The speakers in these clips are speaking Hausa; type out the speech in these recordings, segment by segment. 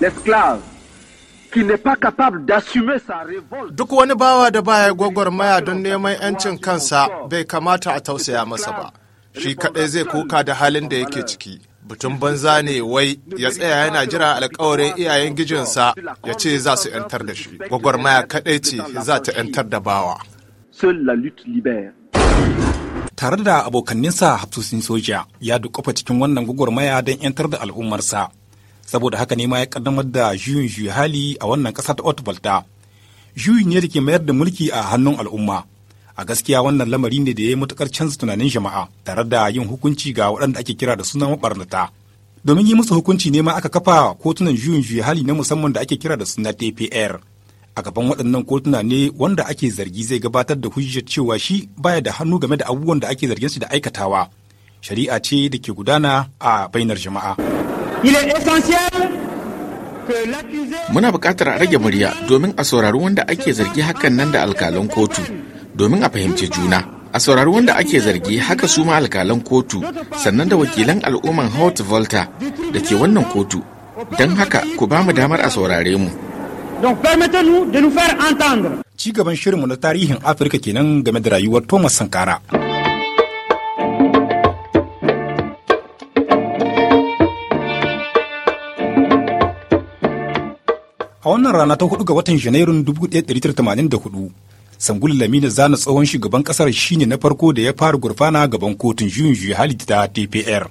l'esclave qui n'est pas capable d'assumer sa révolte. Duk wani bawa da baya gwagwarmaya don neman 'yancin kansa bai kamata a tausaya masa ba. Shi kaɗai zai kuka da halin da yake ciki. Butun banza ne wai ya tsaya yana jira alkawarin iyayen gijinsa ya ce za su 'yantar da shi. Gwagwarmaya kaɗai ce za ta 'yantar da bawa. Tare da abokanninsa hafsoshin soja ya duƙafa cikin wannan gwagwarmaya don 'yantar da al'ummarsa. saboda haka ne ma ya kaddamar da juyin juyi hali a wannan kasa ta Otbalta. Juyin ne da ke mayar da mulki a hannun al'umma. A gaskiya wannan lamari ne da ya yi matuƙar canza tunanin jama'a tare da yin hukunci ga waɗanda ake kira da sunan mabarnata. Domin yi musu hukunci ne ma aka kafa kotunan juyin juyi hali na musamman da ake kira da suna TPR. A gaban waɗannan kotuna ne wanda ake zargi zai gabatar da hujjar cewa shi baya da hannu game da abubuwan da ake zargin su da aikatawa. Shari'a ce da ke gudana a bainar jama'a. Muna buƙatar a rage murya domin a saurari wanda ake zargi hakan nan da alkalan kotu domin a fahimci juna. a saurari wanda ake zargi haka su ma alkalan kotu sannan da wakilan al'umman hot volta da ke wannan kotu don haka ku ba mu damar a saurare mu ci gaban shirinmu na tarihin afirka kenan game da rayuwar thomas sankara A wannan rana ta hudu ga watan Janairun 1984, Sangul Lamina zana tsohon shugaban kasar shine na farko da ya fara gurfana gaban kotun juyin juyi hali ta TPR.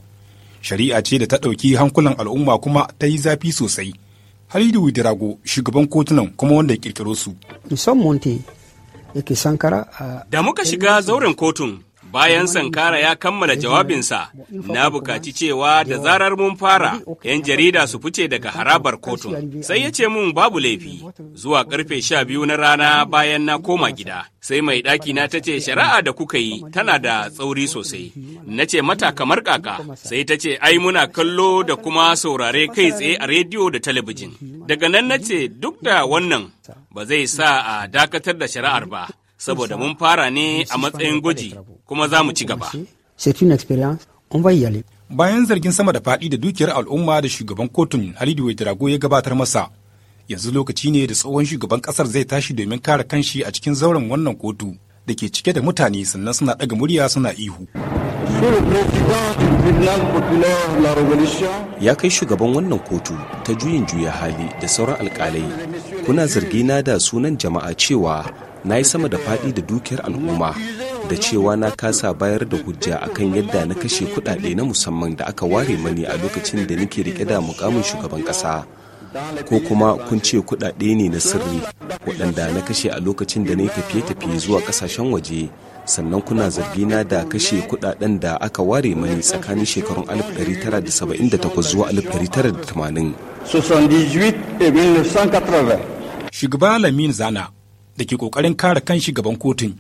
Shari'a ce da ta ɗauki hankulan al'umma kuma ta yi zafi sosai. Halidu Dirago shugaban kotunan kuma wanda ya kirkiro su. Da muka shiga zauren kotun, Bayan Sankara ya kammala jawabinsa, na bukaci cewa da zarar mun fara, 'yan jarida su fice daga harabar kotun. Sai ya ce mun babu laifi, zuwa karfe sha biyu na rana bayan na koma gida. Sai mai ɗaki na ta ce shari'a da kuka yi tana da tsauri sosai. Na ce mata kamar kaka, sai ta ce ai muna kallo da kuma saurare kai tsaye a rediyo da talabijin. Daga nan na ce duk da wannan ba zai sa a dakatar da shari'ar ba. saboda mun fara ne a matsayin gwaji kuma za mu ci gaba. Bayan zargin sama da faɗi da dukiyar al'umma da shugaban kotun Halidu Drago ya gabatar masa, yanzu lokaci ne da tsohon shugaban ƙasar zai tashi domin kare kanshi a cikin zauren wannan kotu da ke cike da mutane sannan suna ɗaga murya suna ihu. Ya kai shugaban wannan kotu ta juyin juya hali da sauran alƙalai, kuna zargina da sunan jama'a cewa na yi sama da faɗi da dukiyar al'umma da cewa na kasa bayar da hujja akan yadda na kashe kuɗaɗe na musamman da aka ware mani a lokacin da nake rike da mukamin shugaban ƙasa ko kuma kun ce kuɗaɗe ne na sirri waɗanda na kashe a lokacin da na yi tafiye-tafiye zuwa ƙasashen waje sannan kuna na da kashe kuɗaɗen da aka ware mani tsakanin shekarun 1978 zuwa 1980 shugaba lamin zana da ke ƙoƙarin kare kanshi gaban kotun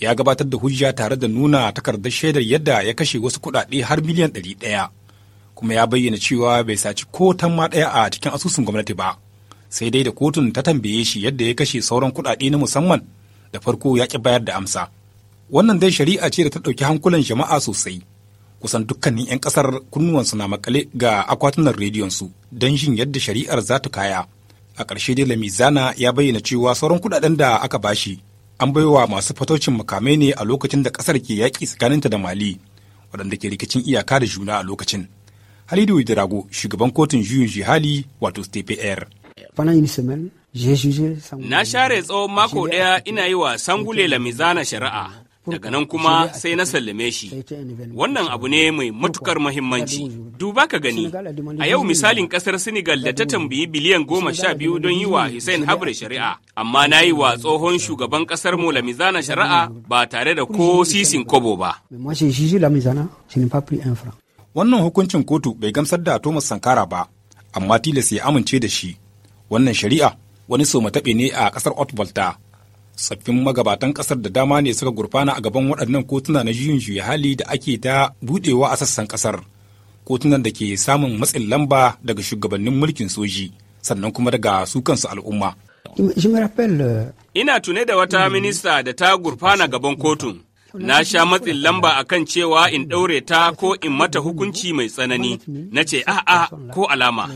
ya gabatar da hujja tare da nuna takardar shaidar yadda ya kashe wasu kuɗaɗe har miliyan ɗari ɗaya kuma ya bayyana cewa bai saci ko ma ɗaya a cikin asusun gwamnati ba sai dai da kotun ta tambaye shi yadda ya kashe sauran kuɗaɗe na musamman da farko ya ƙi bayar da amsa wannan dai shari'a ce da ta ɗauki hankulan jama'a sosai kusan dukkanin 'yan ƙasar kunnuwansu na makale ga akwatunan rediyonsu don jin yadda shari'ar za ta kaya a ƙarshe dai lamizana ya bayyana cewa sauran kuɗaɗen da aka bashi an baiwa masu fatocin makamai ne a lokacin da ƙasar ke yaƙi tsakaninta da mali waɗanda ke rikicin iyaka da juna a lokacin halidu Drago shugaban kotun juyin jihali wato stepe na share tsawon mako ɗaya ina yi wa sangule lamizana shari'a daga nan kuma sai na sallame shi wannan abu ne mai matukar mahimmanci duba ka gani a yau misalin kasar senegal da ta tambayi biliyan goma sha biyu don yi wa hussein habre shari'a amma na yi wa tsohon shugaban kasar mu lamizana shari'a ba tare da ko sisin kobo ba wannan hukuncin kotu bai gamsar da thomas sankara ba amma tilas ya amince da shi wannan shari'a wani somataɓe ne a ƙasar otbalta saffin magabatan kasar da dama ne suka gurfana a gaban waɗannan kotuna na juyin juya hali da ake ta budewa a sassan kasar kotunan da ke samun matsin lamba daga shugabannin mulkin soji sannan kuma daga su kansu al'umma euh, ina tune da wata mm. minista da ta gurfana gaban kotun na sha matsin lamba a kan cewa in ɗaure ta ko in mata hukunci mai tsanani, na ce a'a ko alama.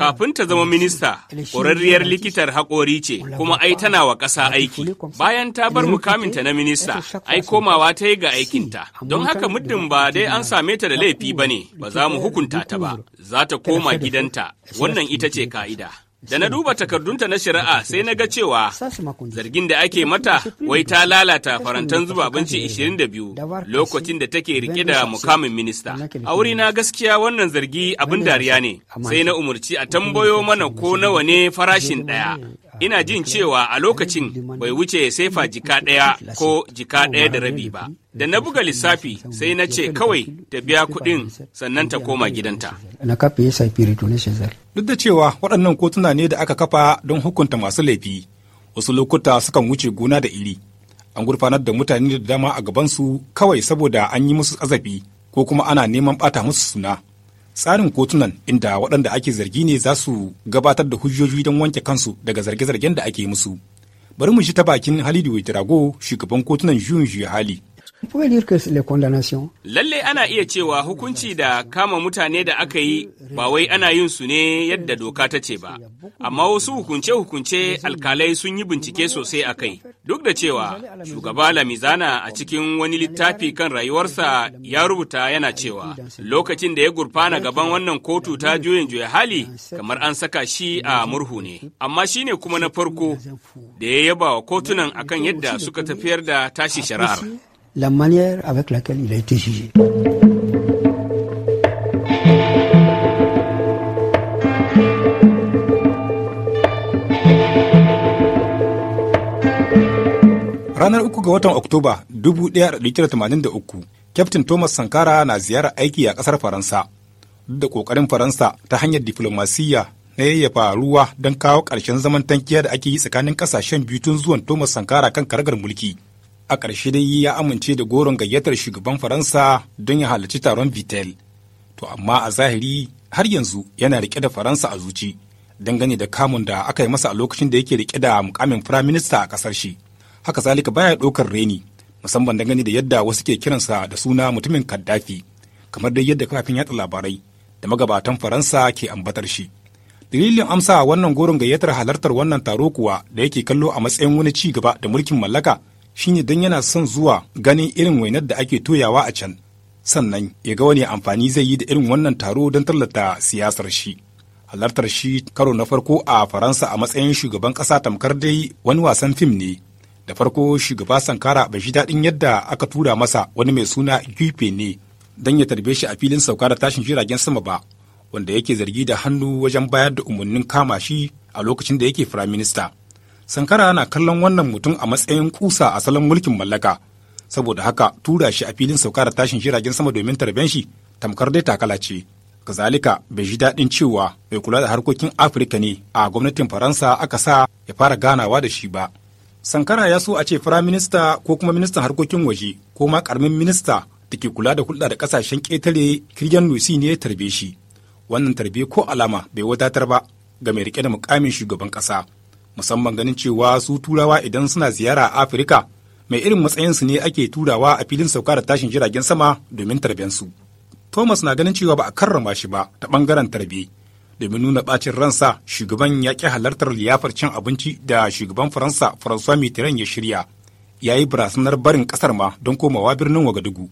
Kafin ta zama minista, ƙwararriyar likitar haƙori ce, kuma ai tana wa ƙasa aiki. Bayan ta bar mukaminta na minista, ai komawa ta yi ga aikinta. Don haka muddin ba dai an same ta da laifi ba ne, ba za mu hukunta ta ba, za ta koma gidanta, wannan ita ce ka'ida. Da na duba takardunta na shari'a sai na ga cewa zargin da ake mata wai ta lalata farantan zuba abinci 22 lokacin da take rike da mukamin minista. A wuri na gaskiya wannan zargi abin dariya ne, sai na umarci a tambayo mana ko nawa ne farashin ɗaya Ina jin cewa a lokacin bai wuce ya saifa jika ɗaya ko jika ɗaya da rabi ba. Da na buga lissafi sai na ce kawai ta biya kuɗin sannan ta koma gidanta. Duk da cewa waɗannan kotuna ne da aka kafa don hukunta masu laifi, wasu lokuta sukan wuce gona da iri. An gurfanar da mutane da dama a gabansu kawai saboda an yi musu azabi ko kuma ana neman ɓata musu suna. tsarin kotunan inda waɗanda ake zargi ne za su gabatar da hujjoji don wanke kansu daga zarge-zargen da ake musu. Bari mu shi ta bakin Halidu Waitirago, shugaban kotunan juyin juya hali. Lalle ana iya cewa hukunci da kama mutane da aka yi ba wai ana yin su ne yadda doka ta ce ba, amma wasu hukunce-hukunce alkalai sun yi bincike sosai a kai. Duk da cewa shugaba Lamizana a cikin wani littafi kan rayuwarsa ya rubuta yana cewa lokacin da ya gurfana gaban wannan kotu ta juyin juya hali kamar an saka shi a murhu ne. Amma shi ne kuma na farko da ya yaba wa kotunan akan yadda suka tafiyar da tashi shari'ar. la manière avec laquelle il a été jugé. Ranar uku ga watan Oktoba 1983, Kyaftin Thomas Sankara na ziyarar aiki a ƙasar Faransa, duk da ƙoƙarin Faransa ta hanyar diflomasiyya na yayyafa ruwa don kawo ƙarshen zaman tankiya da ake yi tsakanin ƙasashen biyu tun zuwan Thomas Sankara kan karagar mulki. a ƙarshe dai ya amince da goron gayyatar shugaban faransa don ya halarci taron vitel to amma a zahiri har yanzu yana riƙe da faransa a zuci dangane da kamun da aka yi masa a lokacin da yake rike da mukamin firaminista a ƙasar shi haka zalika baya ɗaukar reni musamman dangane da yadda wasu ke kiransa da suna mutumin kaddafi kamar dai yadda kafin yatsa labarai da magabatan faransa ke ambatar shi dalilin amsa wannan goron gayyatar halartar wannan taro kuwa da yake kallo a matsayin wani ci gaba da mulkin mallaka shine don yana son zuwa ganin irin wainar da ake toyawa a can sannan ya ga wani amfani zai yi da irin wannan taro don tallata siyasar shi halartar shi karo na farko a faransa a matsayin shugaban ƙasa tamkar dai wani wasan fim ne da farko shugaba sankara bai shi daɗin yadda aka tura masa wani mai suna gipe ne don ya tarbe shi a filin sauka da tashin jiragen sama ba wanda yake zargi da hannu wajen bayar da umarnin kama shi a lokacin da yake firaminista sankara yana kallon wannan mutum a matsayin kusa a salon mulkin mallaka saboda haka tura shi a filin sauka da tashin jiragen sama domin tarben shi tamkar dai takala ce kazalika bai ji daɗin cewa mai kula da harkokin afirka ne a gwamnatin faransa aka sa ya fara ganawa da shi ba sankara ya so a ce minista ko kuma ministan harkokin waje ko ma karamin minista da ke kula da hulɗa da ƙasashen ƙetare kiryan nusi ne ya tarbe shi wannan tarbe ko alama bai wadatar ba ga mai rike da mukamin shugaban ƙasa musamman ganin cewa su turawa idan suna ziyara a afirka mai irin matsayinsu ne ake turawa a filin sauka da tashin jiragen sama domin tarbensu thomas na ganin cewa ba a karrama shi ba ta bangaren tarbe domin nuna bacin ransa shugaban ya ƙi halartar liyafar cin abinci da shugaban faransa françois mitterrand ya shirya ya yi barasanar barin kasar ma don komawa birnin wagadugu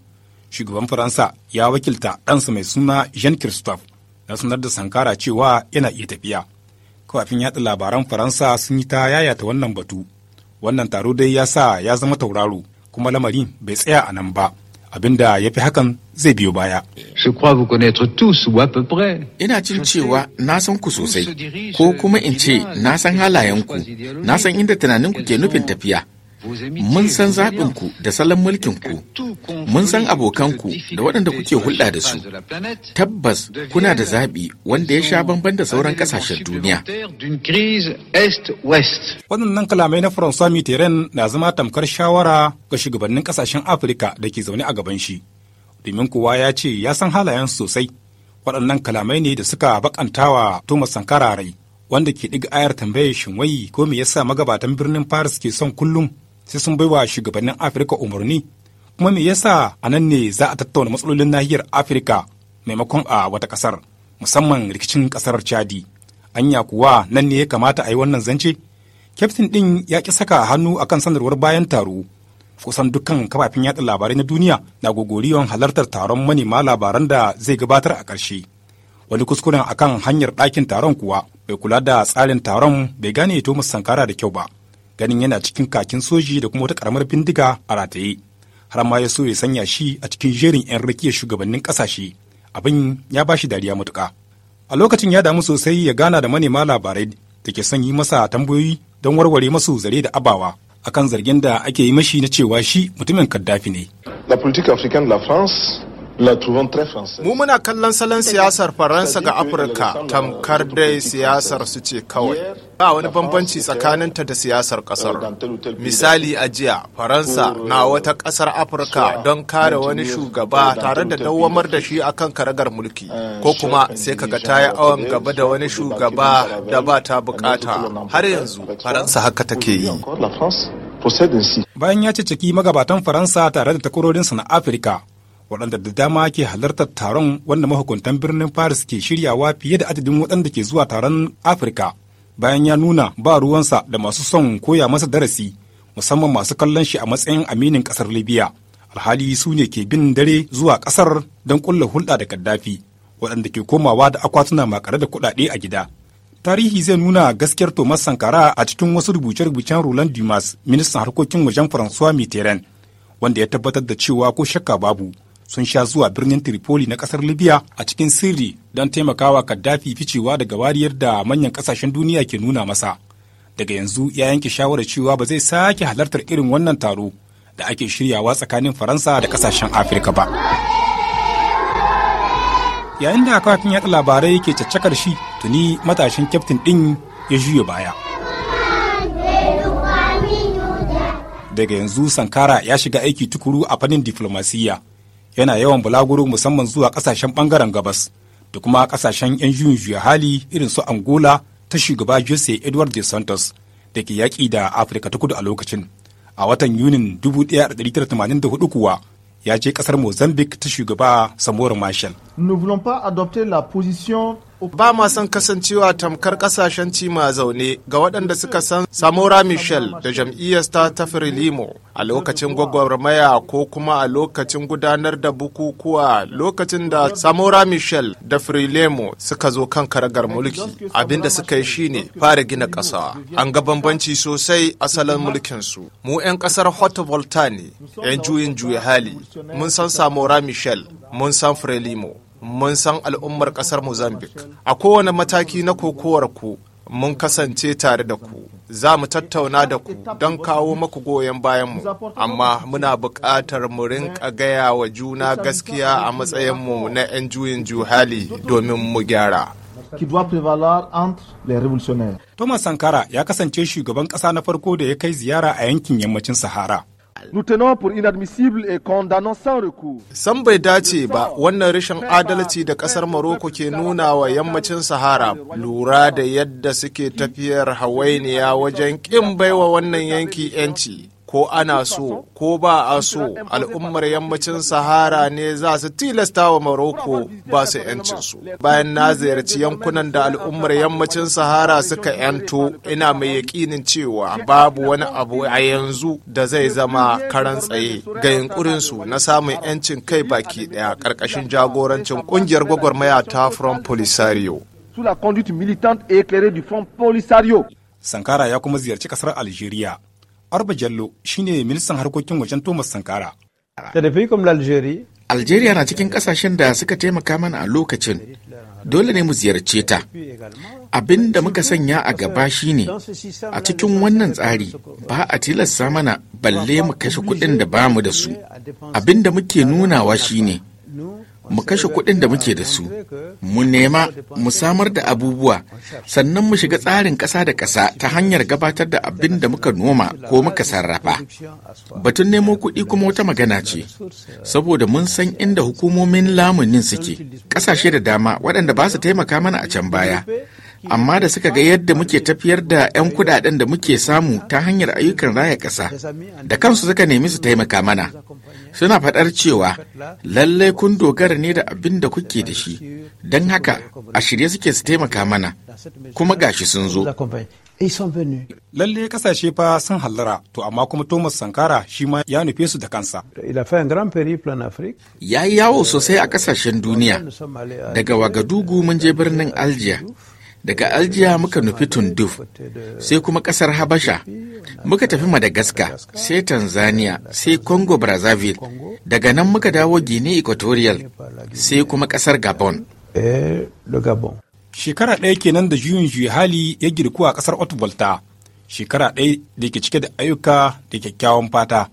shugaban faransa ya wakilta ɗansa mai suna jean christophe na sanar da sankara cewa yana iya tafiya kafin yatsa labaran faransa sun yi ta yayata wannan batu wannan taro dai ya sa ya zama tauraro kuma lamarin bai tsaya a nan ba abinda ya fi hakan zai biyo baya. Ina cin cewa na san ku sosai, ko kuma in ce na san halayenku, na san inda tunaninku ke nufin tafiya. Mun san zaɓinku da salon mulkinku, mun san abokanku da waɗanda kuke hulɗa da su. Tabbas kuna da zaɓi wanda ya sha bamban da sauran ƙasashen duniya. Waɗannan kalamai na Faransa Mitterrand na zama tamkar shawara ga shugabannin ƙasashen Afirka da ke zaune a gaban shi. Domin kowa ya ce ya san halayen sosai. Waɗannan kalamai ne da suka baƙantawa Thomas Sankara rai. wanda ke ɗiga ayar tambayar shin wai ko me yasa magabatan birnin Paris ke son kullum sai sun bai wa shugabannin afirka umarni kuma me yasa a nan ne za a tattauna matsalolin nahiyar afirka maimakon a wata ƙasar musamman rikicin kasar chadi anya kuwa nan ne ya kamata a yi wannan zance kyaftin ɗin ya ki saka hannu akan sanarwar bayan taro kusan dukkan kafafen yatsa labarai na duniya na gogoriyon halartar taron manema labaran da zai gabatar a ƙarshe wani kuskuren akan hanyar ɗakin taron kuwa bai kula da tsarin taron bai gane thomas sankara da kyau ba ganin yana cikin kakin soji da kuma wata karamar bindiga a rataye har ma ya so ya sanya shi a cikin jerin 'yan rakiya shugabannin kasashe abin ya ba shi dariya matuƙa a lokacin ya damu sosai ya gana da manema labarai da ke son yi masa tambayoyi don warware masu zare da abawa akan zargin da ake yi mashi na cewa shi mutumin kaddafi ne. La politique africaine de la France Mu muna kallon salon siyasar Faransa ga Afirka tamkar dai siyasar su ce kawai. Ba wani bambanci tsakaninta da siyasar kasar. Misali a jiya, Faransa na wata kasar Afirka don kare wani shugaba tare da dawamar da shi akan karagar mulki. Ko kuma sai kaga ta yi awon gaba da wani shugaba da ba ta bukata. Har yanzu, Faransa haka take yi. Bayan ya ce ciki magabatan Faransa tare da takwarorinsa na Afirka, waɗanda da dama ke halartar taron wanda mahukuntan birnin Paris ke shiryawa fiye da adadin waɗanda ke zuwa taron Afirka. Bayan ya nuna ba ruwansa da masu son koya masa darasi, musamman masu kallon shi a matsayin aminin ƙasar Libya. Alhali su ne ke bin dare zuwa ƙasar don ƙulla hulɗa da Gaddafi, waɗanda ke komawa da akwatuna makare da kuɗaɗe a gida. tarihi zai nuna gaskiyar Thomas Sankara a cikin wasu rubuce-rubucen Roland Dumas, ministan harkokin wajen François Mitterrand, wanda ya tabbatar da cewa ko shakka babu sun sha zuwa birnin Tripoli na kasar Libya a cikin sirri don taimakawa Kaddafi ficewa daga wariyar da manyan kasashen duniya ke nuna masa. Daga yanzu ya yanke shawarar cewa ba zai sake halartar irin wannan taro da ake shiryawa tsakanin Faransa da kasashen Afirka ba. Yayin da kafin yaɗa labarai ke caccakar shi tuni matashin kyaftin ɗin ya juya baya. daga yanzu sankara ya shiga aiki tukuru a fannin diflomasiyya yana yawan bulaguro musamman zuwa kasashen bangaren gabas da kuma kasashen 'yan juyin juya hali irin su angola ta shugaba jose edward de santos da ke yaƙi da afirka ta kudu a lokacin a watan yunin 1984 kuwa ya je kasar mozambique ta shugaba samora marshall nous voulons pas adopter la position ba ma son kasancewa tamkar kasashen cima zaune ga waɗanda suka san samora michel da jam'iyyarsa ta firilimo a lokacin gwagwarmaya ko kuma a lokacin gudanar da bukukuwa lokacin da samora michel da firilimo suka zo kan karagar mulki abinda suka yi shine fara gina ƙasa an ga bambanci sosai asalin su. mu 'yan ƙasar hot volta ne 'yan juyin juya hali mun san samora michel mun san frelimo mun san al'ummar ƙasar Mozambique. A kowane mataki na kokowar ku mun kasance tare da ku. Za mu tattauna da ku don kawo maku goyon bayanmu, amma muna buƙatar mu rinƙa gaya wa juna gaskiya a matsayinmu na 'yan juyin juhali domin mu gyara. Thomas Sankara ya kasance shugaban ƙasa na farko da ya kai ziyara a yankin yammacin Sahara. Nous tenons pour San bai dace ba wannan rashin adalci da kasar Morocco ke nuna wa yammacin Sahara lura da yadda suke tafiyar hawainiya wajen kin baiwa wannan yanki 'yanci. ko ana so ko ba a so al'ummar yammacin sahara ne za su tilasta wa maroko ba su yancinsu bayan na ziyarci yankunan da al'ummar yammacin sahara suka yanto ina mai yakinin cewa babu wani abu a yanzu da zai zama karan tsaye ga yunkurinsu na samun yancin kai baki daya karkashin jagorancin kungiyar gwagwarmaya ta front polisario la Front Polisario. Sankara ya kuma ziyarci kasar Algeria Arba Jallo shine ministan harkokin wajen Thomas Sankara. Algeria na cikin kasashen da suka taimaka mana a lokacin dole ne mu ziyarce ta. Abin da muka sanya a gaba shine a cikin wannan tsari ba a tilasta mana balle mu kashe kuɗin da ba mu da su. Abin da muke nunawa shine mu kashe kuɗin da muke da su mu nema mu samar da abubuwa sannan mu shiga tsarin ƙasa da ƙasa ta hanyar gabatar da abin da muka noma ko muka sarrafa batun nemo kuɗi kuma wata magana ce saboda mun san inda hukumomin lamunin suke ƙasashe da dama waɗanda ba su taimaka mana a can baya amma da suka ga yadda muke tafiyar da 'yan kudaden da muke samu ta hanyar ayyukan raya ƙasa da kansu suka nemi su taimaka mana suna faɗar cewa lallai kun dogara ne da abin da kuke da shi don haka a shirye suke su taimaka mana kuma gashi sun zo lallai kasashe fa sun hallara to amma kuma thomas sankara shi ma ya nufe su da kansa ya yi yawo sosai a kasashen duniya daga wagadugu mun je birnin algier daga aljiya muka nufi tunduf sai kuma kasar habasha muka tafi madagascar sai tanzania sai congo brazzaville daga nan muka dawo guinea equatorial sai kuma kasar eh, gabon shekara ɗaya kenan da juyin juyi hali ya girku a kasar otvolta shekara ɗaya da ke cike da ayyuka da kyakkyawan fata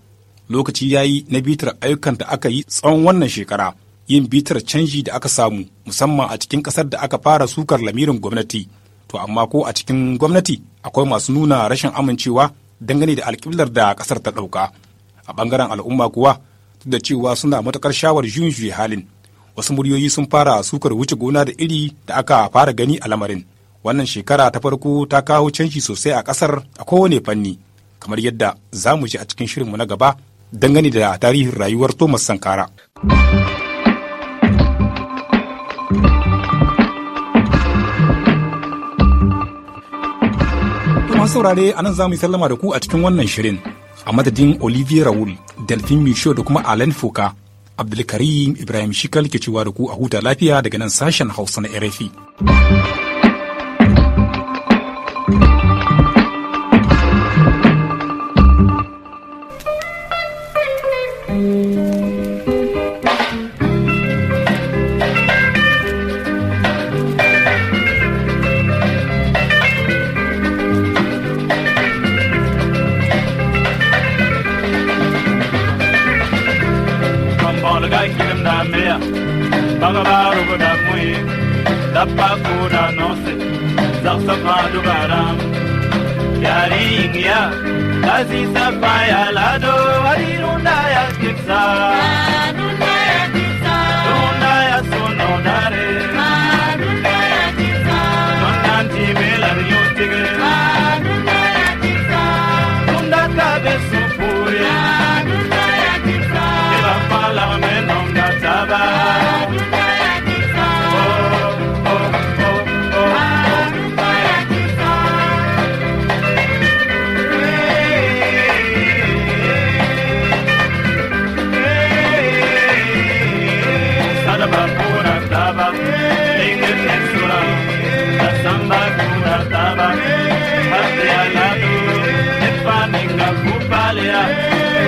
lokaci ya yi na bitar ayyukan da aka yi tsawon wannan shekara yin bitar canji da aka samu musamman a cikin ƙasar da aka fara sukar lamirin gwamnati to amma ko a cikin gwamnati akwai masu nuna rashin amincewa dangane da alƙiblar da ƙasar ta ɗauka a ɓangaren al'umma kuwa duk da cewa suna matuƙar shawar juyin juya halin wasu muryoyi sun fara sukar wuce gona da iri da aka fara gani a lamarin wannan shekara ta farko ta kawo canji sosai a ƙasar a kowane fanni kamar yadda za mu ji a cikin shirinmu na gaba dangane da tarihin rayuwar thomas sankara. Masu saurare a nan za mu yi sallama da ku a cikin wannan shirin a madadin Olivier Raoul, Delphine Michaud da kuma Alain Foka, Abdulkarim Ibrahim Shikal ke cewa da ku a huta lafiya daga nan sashen Hausa na RFI.